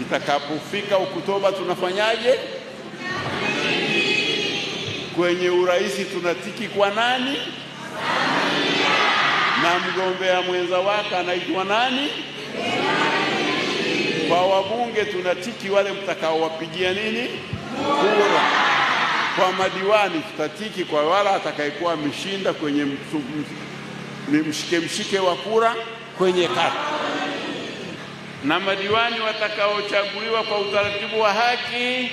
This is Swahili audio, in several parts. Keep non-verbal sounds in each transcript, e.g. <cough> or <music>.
Itakapofika Oktoba tunafanyaje? Kwenye urais tunatiki kwa nani? Na mgombea mwenza wake anaitwa nani? Kwa wabunge tunatiki wale mtakaowapigia nini kura. Kwa madiwani tutatiki kwa wala atakayekuwa ameshinda kwenye mshike mshike wa kura kwenye kata na madiwani watakaochaguliwa kwa utaratibu wa haki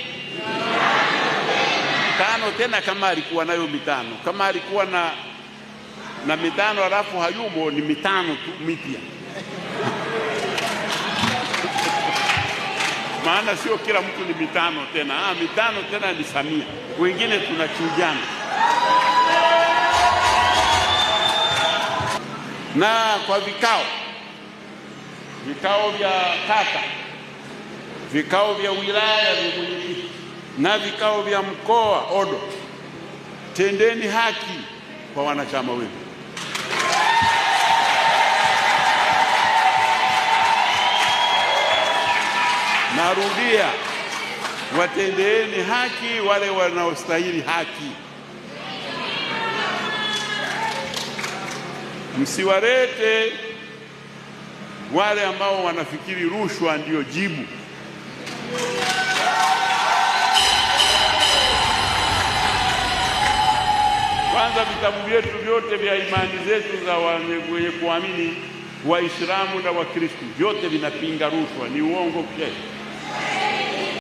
tano tena, kama alikuwa nayo mitano, kama alikuwa na na mitano halafu hayumo, ni mitano tu mipya <laughs> maana sio kila mtu ni mitano tena. Ah, mitano tena ni Samia, wengine tunachujana. Na kwa vikao vikao vya kata, vikao vya wilaya vya na vikao vya mkoa odo. Tendeni haki kwa wanachama wenu. Narudia, watendeeni haki wale wanaostahili haki. Msiwarete wale ambao wanafikiri rushwa ndio jibu. Kwanza, vitabu vyetu vyote vya imani zetu za wenye kuamini Waislamu na Wakristu vyote vinapinga rushwa, ni uongo kesho